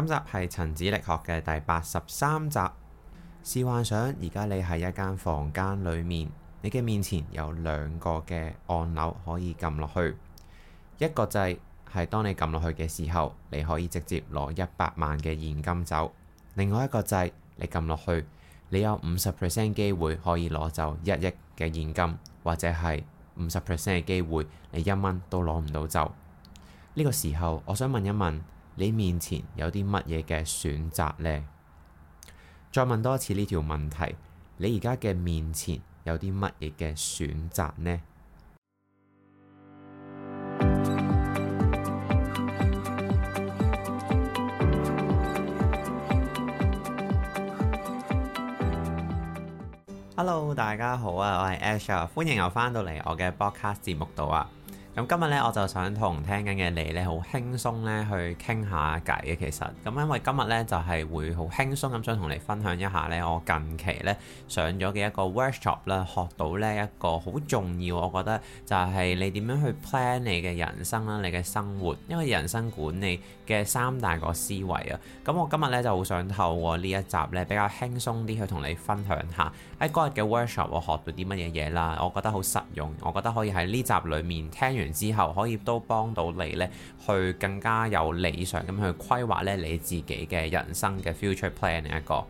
今集係塵籽力學嘅第八十三集。試幻想，而家你喺一間房間裏面，你嘅面前有兩個嘅按鈕可以撳落去。一個掣係當你撳落去嘅時候，你可以直接攞一百萬嘅現金走；另外一個掣你撳落去，你有五十 percent 機會可以攞走一億嘅現金，或者係五十 percent 嘅機會你一蚊都攞唔到走。呢、呢個時候，我想問一問。你面前有啲乜嘢嘅選擇呢？再問多次呢條問題，你而家嘅面前有啲乜嘢嘅選擇呢？Hello，大家好啊，我係 Asher，歡迎又返到嚟我嘅播客節目度啊！咁今日咧，我就想同聽緊嘅你咧，好輕鬆咧去傾下偈嘅。其實咁、嗯，因為今日咧就係、是、會好輕鬆咁，想同你分享一下咧，我近期咧上咗嘅一個 workshop 啦，學到咧一個好重要，我覺得就係你點樣去 plan 你嘅人生啦，你嘅生活，因為人生管理嘅三大個思維啊。咁、嗯、我今日咧就好想透過呢一集咧，比較輕鬆啲去同你分享下喺嗰日嘅 workshop 我學到啲乜嘢嘢啦。我覺得好實用，我覺得可以喺呢集裏面聽完。之後可以都幫到你咧，去更加有理想咁去規劃咧你自己嘅人生嘅 future plan 一個。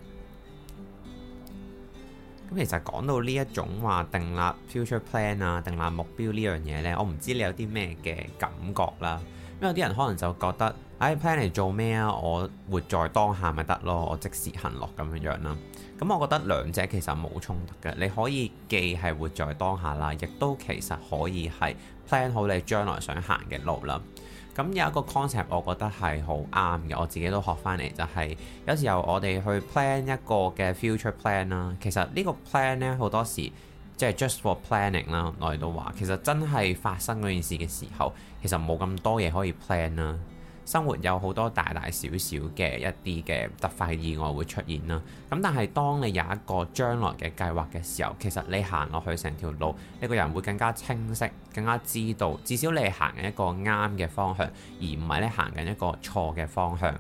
咁其實講到呢一種話定立 future plan 啊，定立目標呢樣嘢咧，我唔知你有啲咩嘅感覺啦。咁有啲人可能就覺得。哎，plan 嚟做咩啊？我活在當下咪得咯，我即時行樂咁樣樣啦。咁我覺得兩者其實冇衝突嘅，你可以既係活在當下啦，亦都其實可以係 plan 好你將來想行嘅路啦。咁有一個 concept 我覺得係好啱嘅，我自己都學翻嚟，就係有時候我哋去 plan 一個嘅 future plan 啦。其實呢個 plan 呢，好多時即係 just for planning 啦。我哋都話其實真係發生嗰件事嘅時候，其實冇咁多嘢可以 plan 啦。生活有好多大大小小嘅一啲嘅突發意外會出現啦，咁但係當你有一個將來嘅計劃嘅時候，其實你行落去成條路，呢個人會更加清晰，更加知道，至少你係行緊一個啱嘅方向，而唔係咧行緊一個錯嘅方向。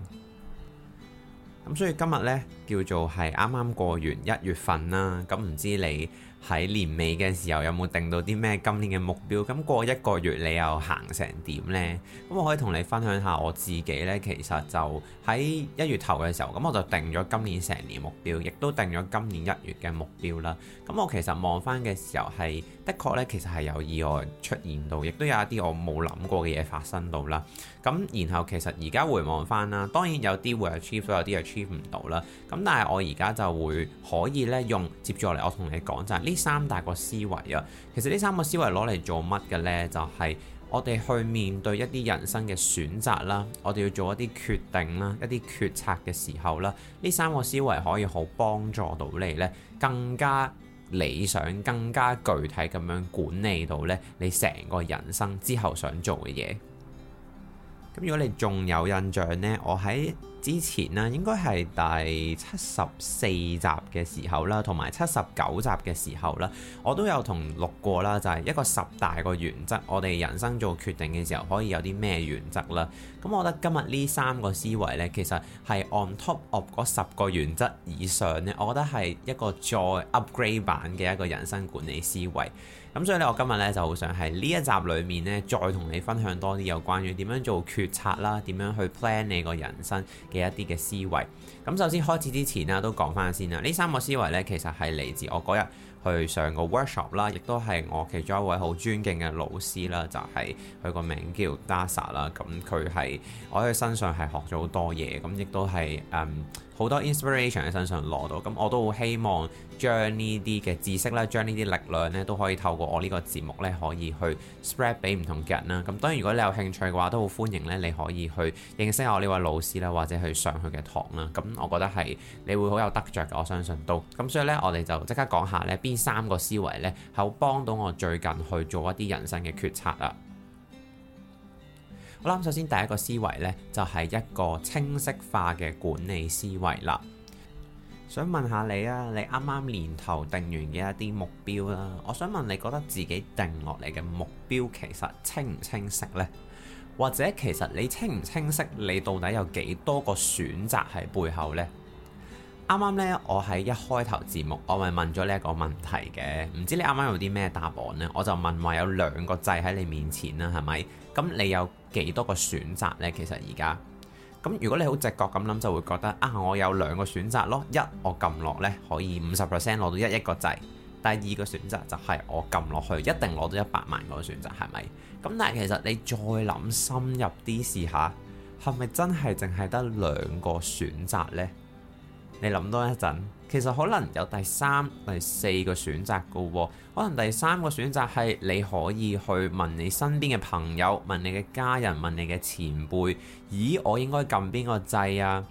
咁所以今日呢，叫做係啱啱過完一月份啦，咁唔知你，喺年尾嘅時候有冇定到啲咩今年嘅目標？咁過一個月你又行成點呢？咁我可以同你分享下我自己呢。其實就喺一月頭嘅時候，咁我就定咗今年成年目標，亦都定咗今年一月嘅目標啦。咁我其實望返嘅時候係。的確咧，其實係有意外出現到，亦都有一啲我冇諗過嘅嘢發生到啦。咁然後其實而家回望翻啦，當然有啲會 achieve 到，有啲 achieve 唔到啦。咁但係我而家就會可以咧用接住落嚟，我同你講就係呢三大個思維啊。其實呢三個思維攞嚟做乜嘅呢？就係我哋去面對一啲人生嘅選擇啦，我哋要做一啲決定啦，一啲決策嘅時候啦，呢三個思維可以好幫助到你呢，更加。你想更加具體咁樣管理到呢，你成個人生之後想做嘅嘢。咁如果你仲有印象呢，我喺之前啦，應該係第七十四集嘅時候啦，同埋七十九集嘅時候啦，我都有同錄過啦，就係一個十大個原則，我哋人生做決定嘅時候可以有啲咩原則啦。咁我覺得今日呢三個思維呢，其實係 on top of 嗰十個原則以上呢，我覺得係一個再 upgrade 版嘅一個人生管理思維。咁所以呢，我今日呢就好想喺呢一集裡面呢，再同你分享多啲有關於點樣做決策啦，點樣去 plan 你個人生。嘅一啲嘅思維，咁首先開始之前啦，都講翻先啦。呢三個思維呢，其實係嚟自我嗰日去上個 workshop 啦，亦都係我其中一位好尊敬嘅老師啦，就係佢個名叫 Dasa 啦。咁佢係我喺佢身上係學咗好多嘢，咁亦都係誒。嗯好多 inspiration 喺身上攞到，咁我都好希望將呢啲嘅知識啦、將呢啲力量呢，都可以透過我呢個節目呢，可以去 spread 俾唔同嘅人啦。咁當然如果你有興趣嘅話，都好歡迎呢，你可以去認識下我呢位老師啦，或者去上佢嘅堂啦。咁我覺得係你會好有得着嘅，我相信都咁。所以呢，我哋就即刻講下呢邊三個思維呢，係會幫到我最近去做一啲人生嘅決策啊。首先第一個思維呢，就係一個清晰化嘅管理思維啦。想問下你啊，你啱啱年頭定完嘅一啲目標啦，我想問你覺得自己定落嚟嘅目標其實清唔清晰呢？或者其實你清唔清晰？你到底有幾多個選擇喺背後呢？啱啱呢，剛剛我喺一開頭節目，我咪問咗呢一個問題嘅，唔知你啱啱有啲咩答案呢？我就問話有兩個掣喺你面前啦，係咪？咁你有幾多個選擇呢？其實而家，咁如果你好直覺咁諗，就會覺得啊，我有兩個選擇咯，一我撳落呢，可以五十 percent 攞到一億個掣，第二個選擇就係我撳落去一定攞到一百萬個選擇，係咪？咁但係其實你再諗深入啲試下，係咪真係淨係得兩個選擇呢？你諗多一陣，其實可能有第三、第四個選擇㗎喎。可能第三個選擇係你可以去問你身邊嘅朋友、問你嘅家人、問你嘅前輩：咦，我應該撳邊個掣啊？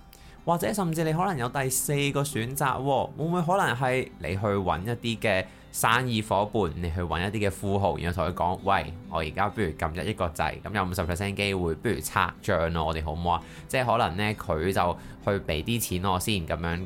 或者甚至你可能有第四個選擇喎，會唔會可能係你去揾一啲嘅生意伙伴，你去揾一啲嘅富豪，然後同佢講：喂，我而家不如撳一億個掣，咁有五十 percent 機會，不如拆將拆賬咯，我哋好唔好啊？即係可能呢，佢就去俾啲錢我先，咁樣。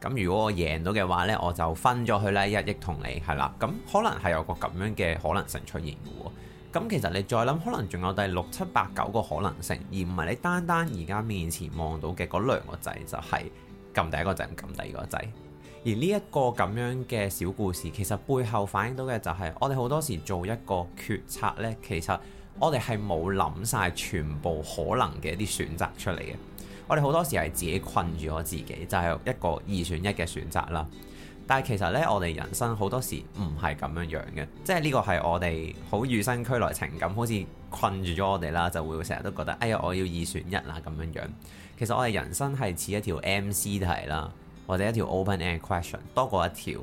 咁如果我贏到嘅話呢，我就分咗佢呢一億同你，係啦。咁可能係有個咁樣嘅可能性出現嘅喎。咁其實你再諗，可能仲有第六、七、八、九個可能性，而唔係你單單而家面前望到嘅嗰兩個掣，就係、係、撳第一個掣，唔撳第二個掣。而呢一個咁樣嘅小故事，其實背後反映到嘅就係、是、我哋好多時做一個決策呢，其實我哋係冇諗晒全部可能嘅一啲選擇出嚟嘅。我哋好多時係自己困住我自己，就係、是、一個二選一嘅選擇啦。但係其實呢，我哋人生好多時唔係咁樣樣嘅，即係呢個係我哋好與生俱來情感，好似困住咗我哋啦，就會成日都覺得，哎呀，我要二選一啦咁樣樣。其實我哋人生係似一條 MC 題啦。或者一條 open end question 多過一條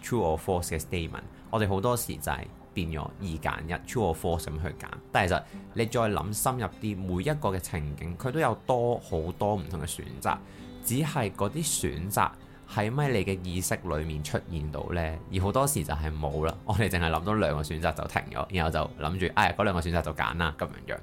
true or false 嘅 statement，我哋好多時就係變咗二揀一，true or false 咁去揀。但係其實你再諗深入啲，每一個嘅情景佢都有多好多唔同嘅選擇，只係嗰啲選擇喺咪你嘅意識裏面出現到呢？而好多時就係冇啦。我哋淨係諗到兩個選擇就停咗，然後就諗住唉嗰兩個選擇就揀啦咁樣樣。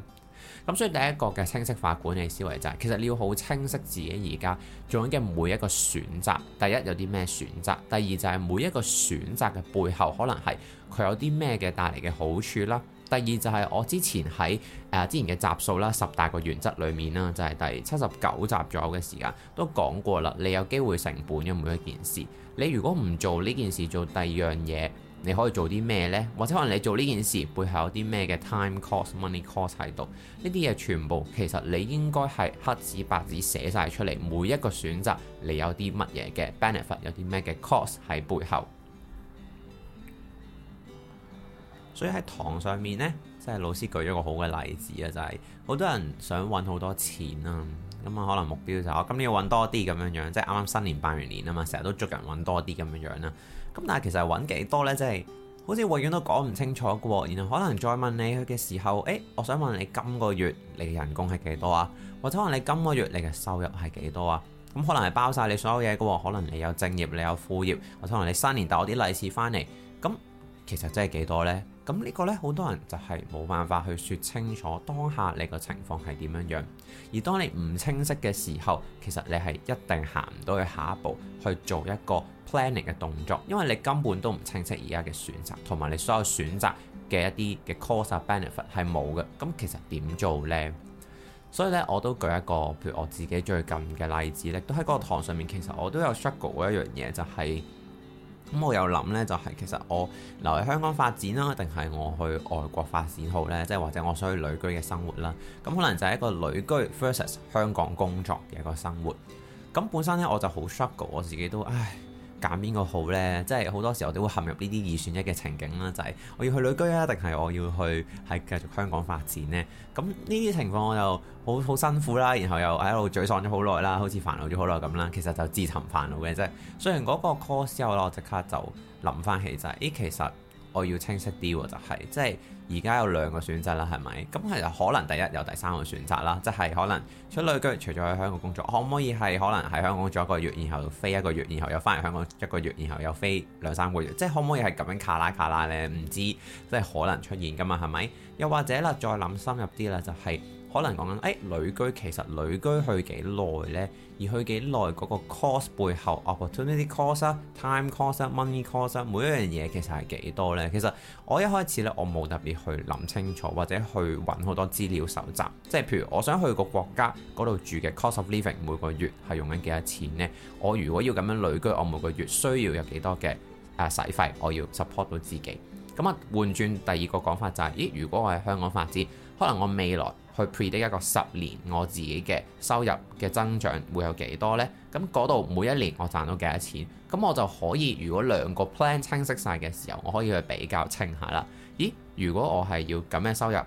咁所以第一個嘅清晰化管理思維就係、是，其實你要好清晰自己而家做緊嘅每一個選擇。第一有啲咩選擇，第二就係每一個選擇嘅背後可能係佢有啲咩嘅帶嚟嘅好處啦。第二就係我之前喺誒、呃、之前嘅集數啦，十大個原則裏面啦，就係、是、第七十九集左右嘅時間都講過啦。你有機會成本嘅每一件事，你如果唔做呢件事，做第二樣嘢。你可以做啲咩呢？或者可能你做呢件事背後有啲咩嘅 time cost、money cost 喺度？呢啲嘢全部其實你應該係黑紙白紙寫晒出嚟。每一個選擇你有啲乜嘢嘅 benefit，有啲咩嘅 cost 喺背後。所以喺堂上面呢，即係老師舉咗個好嘅例子啊，就係好多人想揾好多錢啊。咁啊，可能目標就係我今年要揾多啲咁樣樣。即係啱啱新年拜完年啊嘛，成日都祝人揾多啲咁樣樣啦。咁但係其實揾幾多呢？即係好似永遠都講唔清楚嘅喎。然後可能再問你嘅時候，誒、哎，我想問你今個月你嘅人工係幾多啊？或者可能你今個月你嘅收入係幾多啊？咁、嗯、可能係包晒你所有嘢嘅，可能你有正業，你有副業，或者可能你新年帶我啲利是翻嚟。咁、嗯、其實真係幾多呢？咁呢個呢，好多人就係冇辦法去説清楚當下你個情況係點樣樣，而當你唔清晰嘅時候，其實你係一定行唔到去下一步去做一個 planning 嘅動作，因為你根本都唔清晰而家嘅選擇，同埋你所有選擇嘅一啲嘅 course benefit 係冇嘅。咁其實點做呢？所以呢，我都舉一個譬如我自己最近嘅例子咧，都喺嗰個堂上面，其實我都有 share 過一樣嘢，就係、是。咁我有諗呢，就係、是、其實我留喺香港發展啦，定係我去外國發展好呢，即係或者我想去旅居嘅生活啦。咁可能就係一個旅居 versus 香港工作嘅一個生活。咁本身呢，我就好 shock 過我自己都唉。揀邊個好呢？即係好多時候都會陷入呢啲二選一嘅情景啦，就係、是、我要去旅居啊，定係我要去係繼續香港發展呢？咁呢啲情況我就好好辛苦啦，然後又喺度沮喪咗好耐啦，好似煩惱咗好耐咁啦。其實就自尋煩惱嘅啫。雖然嗰個 course 之後我即刻就諗翻起就誒、是，其實。我要清晰啲喎、就係，就係即係而家有兩個選擇啦，係咪？咁其實可能第一有第三個選擇啦，即係可能出旅居，除咗喺香港工作，可唔可以係可能喺香港做一個月，然後飛一個月，然後又翻嚟香港一個月，然後又飛兩三個月，即係可唔可以係咁樣卡拉卡拉呢？唔知即係可能出現噶嘛，係咪？又或者啦，再諗深入啲啦、就係，就係。可能講緊，誒、哎、旅居其實旅居去幾耐呢？而去幾耐嗰個 cost 背後，opportunity cost，time cost，money cost，每一樣嘢其實係幾多呢？其實我一開始呢，我冇特別去諗清楚，或者去揾好多資料搜集。即係譬如我想去個國家嗰度住嘅 cost of living，每個月係用緊幾多錢呢？我如果要咁樣旅居，我每個月需要有幾多嘅誒使費，我要 support 到自己。咁啊，換轉第二個講法就係、是，咦？如果我喺香港發展，可能我未來去 predict 一個十年我自己嘅收入嘅增長會有幾多呢？咁嗰度每一年我賺到幾多錢？咁我就可以，如果兩個 plan 清晰晒嘅時候，我可以去比較清下啦。咦？如果我係要咁樣收入，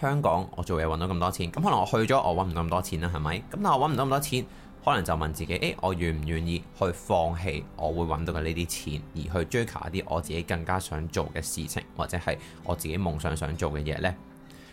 香港我做嘢揾到咁多錢，咁可能我去咗我揾唔到咁多錢啦，係咪？咁但係我揾唔到咁多錢，可能就問自己，誒、欸，我願唔願意去放棄我會揾到嘅呢啲錢，而去追求一啲我自己更加想做嘅事情，或者係我自己夢想想做嘅嘢呢？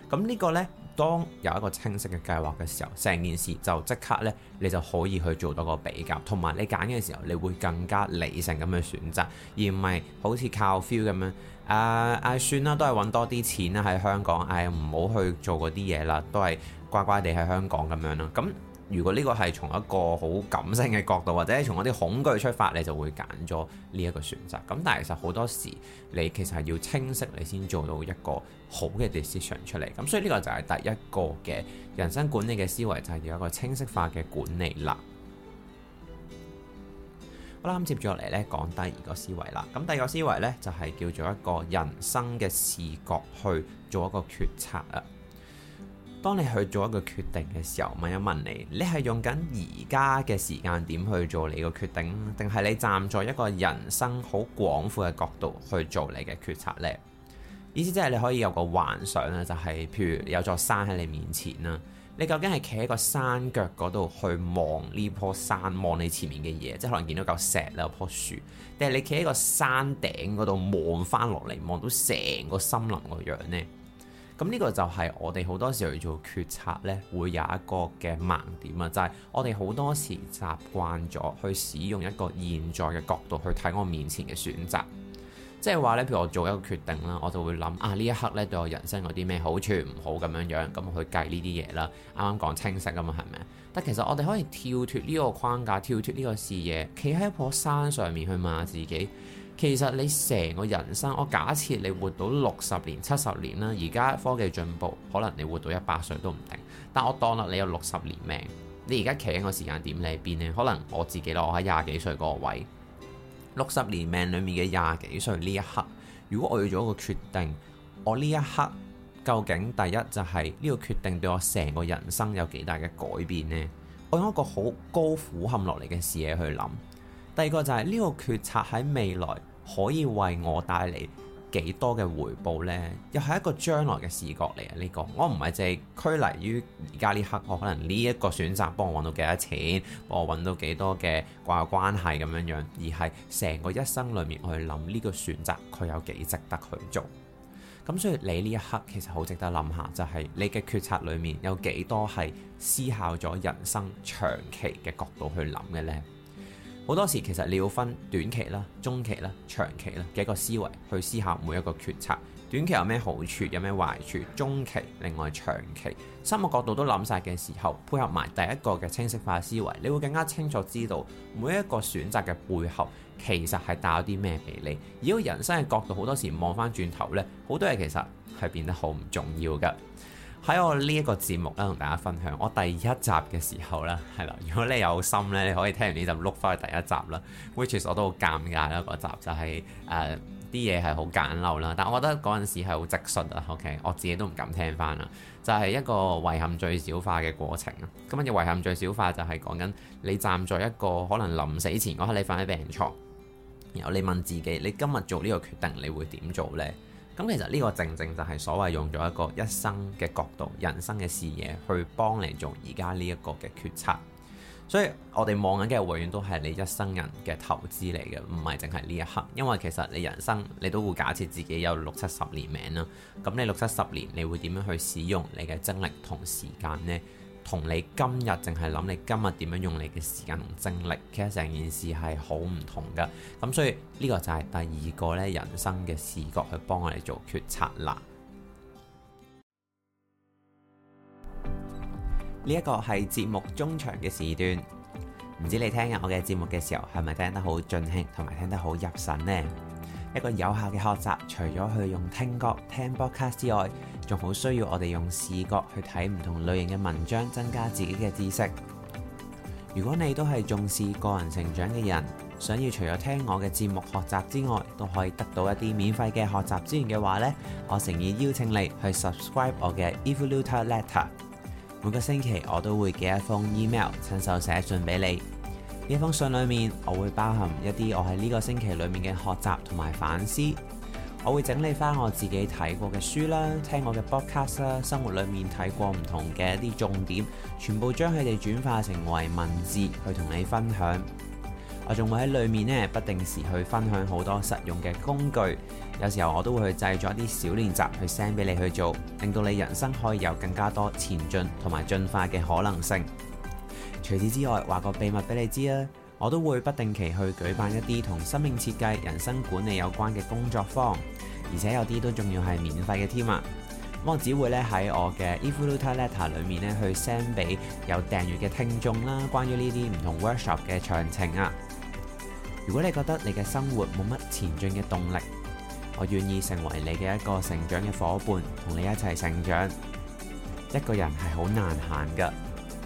咁呢個呢。當有一個清晰嘅計劃嘅時候，成件事就即刻呢，你就可以去做多個比較，同埋你揀嘅時候，你會更加理性咁樣選擇，而唔係好似靠 feel 咁樣。誒、呃、誒、啊，算啦，都係揾多啲錢啦喺香港，唉、哎，唔好去做嗰啲嘢啦，都係乖乖地喺香港咁樣啦。咁如果呢個係從一個好感性嘅角度，或者從一啲恐懼出發，你就會揀咗呢一個選擇。咁但係其實好多時，你其實係要清晰，你先做到一個好嘅 decision 出嚟。咁所以呢個就係第一個嘅人生管理嘅思維，就係要一個清晰化嘅管理啦。好啦，咁接住落嚟呢講第二個思維啦。咁第二個思維呢，就係叫做一個人生嘅視覺去做一個決策啊。當你去做一個決定嘅時候，問一問你，你係用緊而家嘅時間點去做你個決定，定係你站在一個人生好廣闊嘅角度去做你嘅決策呢？意思即係你可以有個幻想啦，就係譬如有座山喺你面前啦，你究竟係企喺個山腳嗰度去望呢棵山，望你前面嘅嘢，即係可能見到嚿石有棵樹，定係你企喺個山頂嗰度望翻落嚟，望到成個森林個樣呢？咁呢個就係我哋好多時候要做決策呢會有一個嘅盲點啊，就係、係、我哋好多時習慣咗去使用一個現在嘅角度去睇我面前嘅選擇，即係話呢，譬如我做一個決定啦，我就會諗啊呢一刻呢對我人生有啲咩好處唔好咁樣樣，咁去計呢啲嘢啦。啱啱講清晰啊嘛，係咪？但其實我哋可以跳脱呢個框架，跳脱呢個視野，企喺一樖山上面去問下自己。其實你成個人生，我假設你活到六十年、七十年啦，而家科技進步，可能你活到一百歲都唔定。但我當落你有六十年命，你而家企喺個時間點，你喺邊呢？可能我自己咯，我喺廿幾歲嗰個位。六十年命裡面嘅廿幾歲呢一刻，如果我要做一個決定，我呢一刻究竟第一就係呢個決定對我成個人生有幾大嘅改變呢？我用一個好高俯瞰落嚟嘅視野去諗。第二個就係呢個決策喺未來可以為我帶嚟幾多嘅回報呢？又係一個將來嘅視角嚟啊！呢個我唔係淨係拘泥於而家呢刻，我可能呢一個選擇幫我揾到幾多錢，幫我揾到幾多嘅掛有關係咁樣樣，而係成個一生裡面我去諗呢個選擇佢有幾值得去做。咁所以你呢一刻其實好值得諗下，就係你嘅決策裡面有幾多係思考咗人生長期嘅角度去諗嘅呢？好多時其實你要分短期啦，中期啦，長期啦嘅一個思維去思考每一個決策。短期有咩好處，有咩壞處？中期另外長期，三個角度都諗晒嘅時候，配合埋第一個嘅清晰化思維，你會更加清楚知道每一個選擇嘅背後其實係帶咗啲咩俾你。如果人生嘅角度好多時望翻轉頭呢，好多嘢其實係變得好唔重要㗎。喺我呢一個節目啦，同大家分享我第一集嘅時候啦，係啦，如果你有心呢，你可以聽完呢集碌翻去第一集啦。Which is, 我都好尷尬啦，嗰集就係誒啲嘢係好簡陋啦，但我覺得嗰陣時係好直述啊。OK，我自己都唔敢聽翻啦，就係一個遺憾最小化嘅過程啊。今日遺憾最小化就係講緊你站在一個可能臨死前嗰刻，你瞓喺病牀，然後你問自己：你今日做呢個決定，你會點做呢？咁其實呢個正正就係所謂用咗一個一生嘅角度，人生嘅視野去幫你做而家呢一個嘅決策。所以我哋望緊嘅永遠都係你一生人嘅投資嚟嘅，唔係淨係呢一刻。因為其實你人生你都會假設自己有六七十年命啦。咁你六七十年，你會點樣去使用你嘅精力同時間呢？同你今日淨係諗你今日點樣用你嘅時間同精力，其實成件事係好唔同嘅。咁所以呢個就係第二個咧人生嘅視角去幫我哋做決策啦。呢一個係節目中場嘅時段，唔知你聽日我嘅節目嘅時候係咪聽得好盡興，同埋聽得好入神呢？一個有效嘅學習，除咗去用聽覺聽 podcast 之外，仲好需要我哋用視覺去睇唔同類型嘅文章，增加自己嘅知識。如果你都係重視個人成長嘅人，想要除咗聽我嘅節目學習之外，都可以得到一啲免費嘅學習資源嘅話呢，我誠意邀請你去 subscribe 我嘅 Evolutor Letter。每個星期我都會寄一封 email 親手寫信俾你。呢封信裏面，我會包含一啲我喺呢個星期裏面嘅學習同埋反思。我會整理翻我自己睇過嘅書啦，聽我嘅 Podcast 啦，生活裏面睇過唔同嘅一啲重點，全部將佢哋轉化成為文字去同你分享。我仲會喺裏面呢，不定時去分享好多實用嘅工具。有時候我都會去製作一啲小練習去 send 俾你去做，令到你人生可以有更加多前進同埋進化嘅可能性。除此之外，話個秘密俾你知啊！我都會不定期去舉辦一啲同生命設計、人生管理有關嘅工作坊，而且有啲都仲要係免費嘅添啊！咁我只會咧喺我嘅 Evoluta Letter 裏面咧去 send 俾有訂閲嘅聽眾啦。關於呢啲唔同 workshop 嘅詳情啊，如果你覺得你嘅生活冇乜前進嘅動力，我願意成為你嘅一個成長嘅伙伴，同你一齊成長。一個人係好難行噶。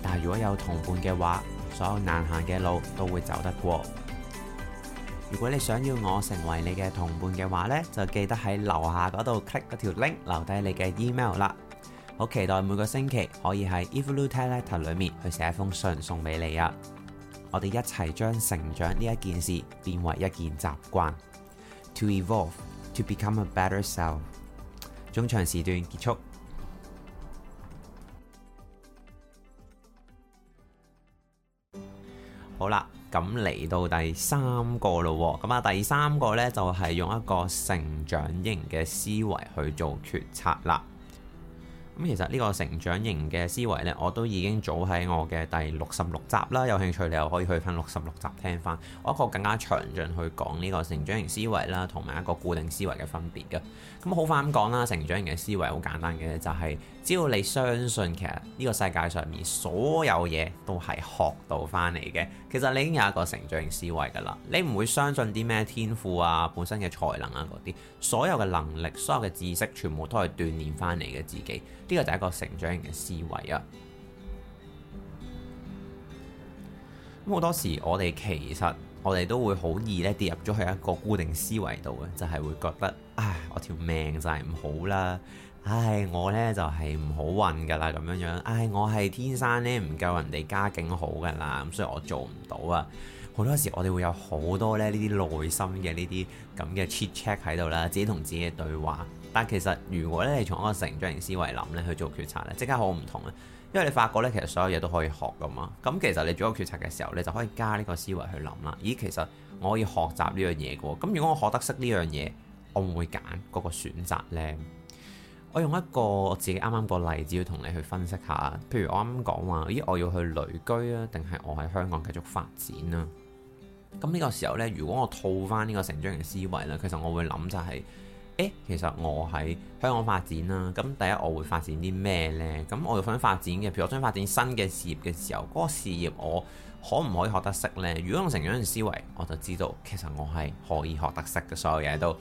但係如果有同伴嘅話，所有難行嘅路都會走得過。如果你想要我成為你嘅同伴嘅話呢，就記得喺樓下嗰度 click 嗰條 link，留低你嘅 email 啦。好期待每個星期可以喺 Evolution Letter 裏面去寫一封信送俾你啊！我哋一齊將成長呢一件事變為一件習慣。To evolve, to become a better self。中場時段結束。好啦，咁嚟到第三個咯喎，咁啊第三個呢，就係、是、用一個成長型嘅思維去做決策啦。咁其實呢個成長型嘅思維呢，我都已經早喺我嘅第六十六集啦。有興趣你又可以去翻六十六集聽翻，我一個更加詳盡去講呢個成長型思維啦，同埋一個固定思維嘅分別嘅。咁、嗯、好快咁講啦，成長型嘅思維好簡單嘅就係、是，只要你相信，其實呢個世界上面所有嘢都係學到翻嚟嘅。其實你已經有一個成長型思維㗎喇，你唔會相信啲咩天賦啊、本身嘅才能啊嗰啲，所有嘅能力、所有嘅知識，全部都係鍛煉返你嘅自己。呢、這個就係一個成長型嘅思維啊！咁好 多時我哋其實我哋都會好易咧跌入咗去一個固定思維度嘅，就係、是、會覺得唉，我條命就係唔好啦。唉，我呢就係唔好運噶啦，咁樣樣。唉，我係天生呢唔夠人哋家境好噶啦，咁所以我做唔到啊。好多時我哋會有好多呢呢啲內心嘅呢啲咁嘅 check 喺度啦，自己同自己對話。但其實如果呢，你從一個成長型思維諗呢去做決策呢，即刻好唔同啊。因為你發覺呢，其實所有嘢都可以學噶嘛。咁其實你做一個決策嘅時候，你就可以加呢個思維去諗啦。咦，其實我可以學習呢樣嘢嘅。咁如果我學得識呢樣嘢，我唔會揀嗰個選擇呢？我用一個我自己啱啱個例子要同你去分析下，譬如我啱講話，咦，我要去旅居啊，定係我喺香港繼續發展啊？咁呢個時候呢，如果我套翻呢個成長型思維咧，其實我會諗就係，誒其實我喺香港發展啦，咁第一我會發展啲咩呢？咁我要想發展嘅，譬如我想發展新嘅事業嘅時候，嗰個事業我可唔可以學得識呢？如果用成長型思維，我就知道其實我係可以學得識嘅，所有嘢都。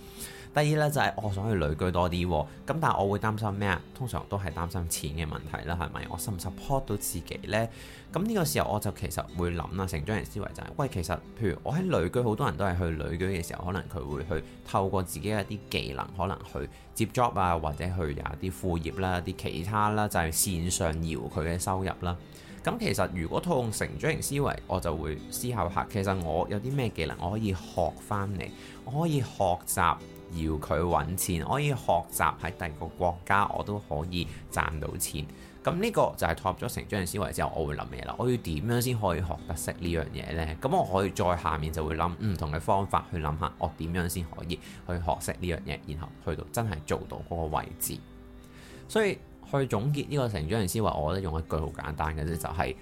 第二呢，就係我想去旅居多啲，咁但係我會擔心咩啊？通常都係擔心錢嘅問題啦，係咪？我唔 support 到自己呢？咁呢個時候我就其實會諗啦，成長型思維就係喂，其實譬如我喺旅居，好多人都係去旅居嘅時候，可能佢會去透過自己一啲技能，可能去接 job 啊，或者去有啲副業啦、啲其他啦，就係線上搖佢嘅收入啦。咁其實如果套用成長型思維，我就會思考下，其實我有啲咩技能我可以學翻嚟，我可以學習。要佢揾錢，可以學習喺第二個國家，我都可以賺到錢。咁呢個就係拓咗成長人思維之後，我會諗嘢啦。我要點樣先可以學得識呢樣嘢呢？咁我可以再下面就會諗，唔同嘅方法去諗下，我點樣先可以去學識呢樣嘢，然後去到真係做到嗰個位置。所以去總結呢個成長人思維，我覺得用一句好簡單嘅啫，就係、是、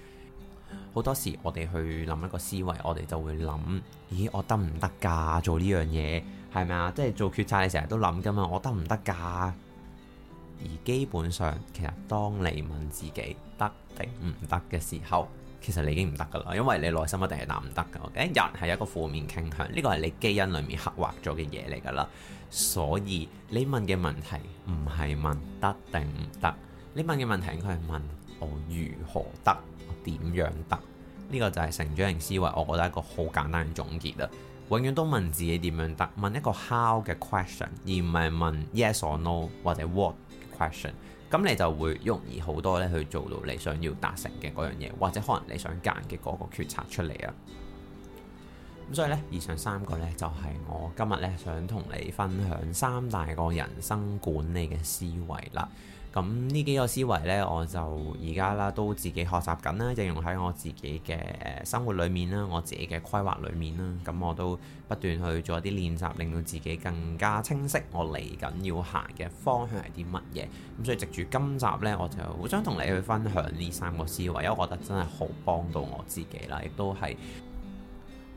好多時我哋去諗一個思維，我哋就會諗，咦，我得唔得㗎？做呢樣嘢？係咪啊？即係做決策，你成日都諗噶嘛？我得唔得噶？而基本上，其實當你問自己得定唔得嘅時候，其實你已經唔得噶啦，因為你內心一定係唔得噶。誒、okay？人係一個負面傾向，呢個係你基因裡面刻畫咗嘅嘢嚟噶啦。所以你問嘅問題唔係問得定唔得，你問嘅問題應該係問我如何得，我點樣得？呢、這個就係成長型思維，我覺得一個好簡單嘅總結啊！永遠都問自己點樣得，問一個 how 嘅 question，而唔係問 yes or no 或者 what question，咁你就會容易好多咧去做到你想要達成嘅嗰樣嘢，或者可能你想揀嘅嗰個決策出嚟啊。咁所以呢，以上三個呢就係、是、我今日呢想同你分享三大個人生管理嘅思維啦。咁呢幾個思維呢，我就而家啦，都自己學習緊啦，應用喺我自己嘅生活裡面啦，我自己嘅規劃裡面啦。咁我都不斷去做一啲練習，令到自己更加清晰，我嚟緊要行嘅方向係啲乜嘢。咁所以藉住今集呢，我就好想同你去分享呢三個思維，因為我覺得真係好幫到我自己啦，亦都係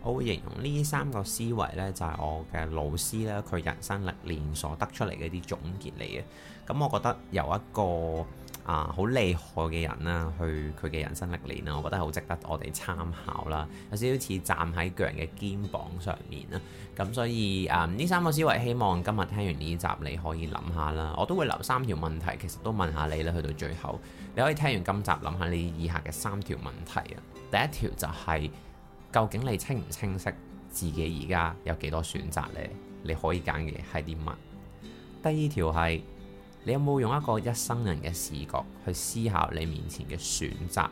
我會形容呢三個思維呢，就係我嘅老師呢，佢人生歷練所得出嚟嘅一啲總結嚟嘅。咁、嗯，我覺得由一個啊好、呃、厲害嘅人啦，去佢嘅人生歷練啦，我覺得好值得我哋參考啦。有少少似站喺巨人嘅肩膀上面啦。咁、嗯、所以，誒、呃、呢三個思維，希望今日聽完呢集你可以諗下啦。我都會留三條問題，其實都問下你啦。去到最後，你可以聽完今集諗下你以下嘅三條問題啊。第一條就係、是、究竟你清唔清晰自己而家有幾多選擇呢？你可以揀嘅係啲乜？第二條係。你有冇用一個一生人嘅視角去思考你面前嘅選擇？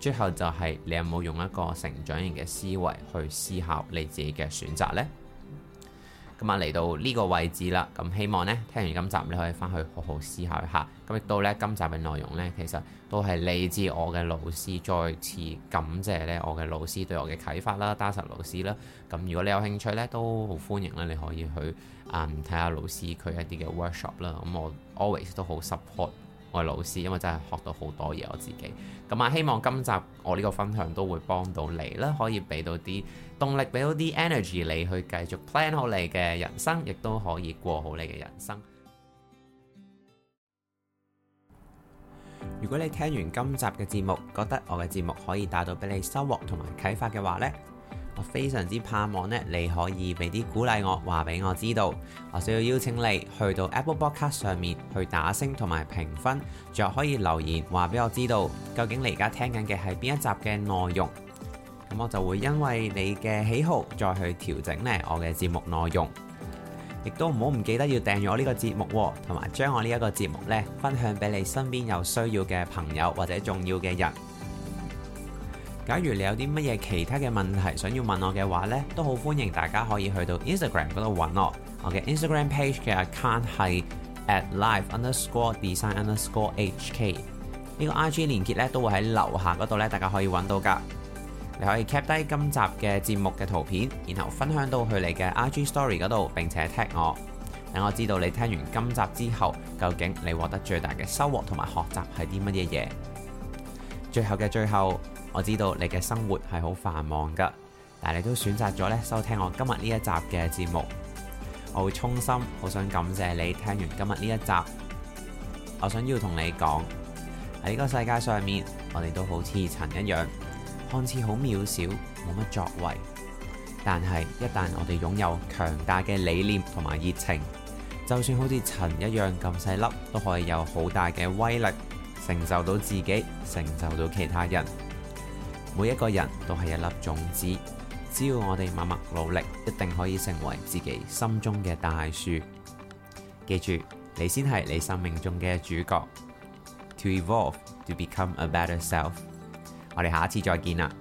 最後就係，你有冇用一個成長型嘅思維去思考你自己嘅選擇呢？咁啊，嚟到呢個位置啦，咁希望呢聽完今集你可以翻去好好思考一下。咁亦都呢今集嘅內容呢，其實都係嚟自我嘅老師，再次感謝呢我嘅老師對我嘅啟發啦，達實老師啦。咁如果你有興趣呢，都好歡迎啦，你可以去啊睇下老師佢一啲嘅 workshop 啦。咁我 always 都好 support。我係老師，因為真係學到好多嘢，我自己咁啊，希望今集我呢個分享都會幫到你啦，可以俾到啲動力，俾到啲 energy 你去繼續 plan 好你嘅人生，亦都可以過好你嘅人生。如果你聽完今集嘅節目，覺得我嘅節目可以帶到俾你收穫同埋啟發嘅話呢。非常之盼望咧，你可以俾啲鼓勵我，話俾我知道。我需要邀請你去到 Apple 播卡上面去打星同埋評分，仲可以留言話俾我知道，究竟你而家聽緊嘅係邊一集嘅內容？咁我就會因為你嘅喜好再去調整咧我嘅節目內容。亦都唔好唔記得要訂閱我呢個節目，同埋將我呢一個節目咧分享俾你身邊有需要嘅朋友或者重要嘅人。假如你有啲乜嘢其他嘅問題，想要問我嘅話呢都好歡迎大家可以去到 Instagram 嗰度揾我。我嘅 Instagram page 嘅 account 係 at life underscore design underscore hk 呢個 IG 連結咧都會喺樓下嗰度咧，大家可以揾到㗎。你可以 cap 低今集嘅節目嘅圖片，然後分享到去你嘅 IG story 嗰度，並且 tag 我，等我知道你聽完今集之後，究竟你獲得最大嘅收穫同埋學習係啲乜嘢嘢。最後嘅最後。我知道你嘅生活係好繁忙㗎，但係你都選擇咗咧收聽我今日呢一集嘅節目。我會衷心好想感謝你聽完今日呢一集。我想要同你講喺呢個世界上面，我哋都好似塵一樣，看似好渺小，冇乜作為。但係一旦我哋擁有強大嘅理念同埋熱情，就算好似塵一樣咁細粒，都可以有好大嘅威力，承受到自己，承受到其他人。每一個人都係一粒種子，只要我哋默默努力，一定可以成為自己心中嘅大樹。記住，你先係你生命中嘅主角。To evolve, to become a better self。我哋下次再見啦！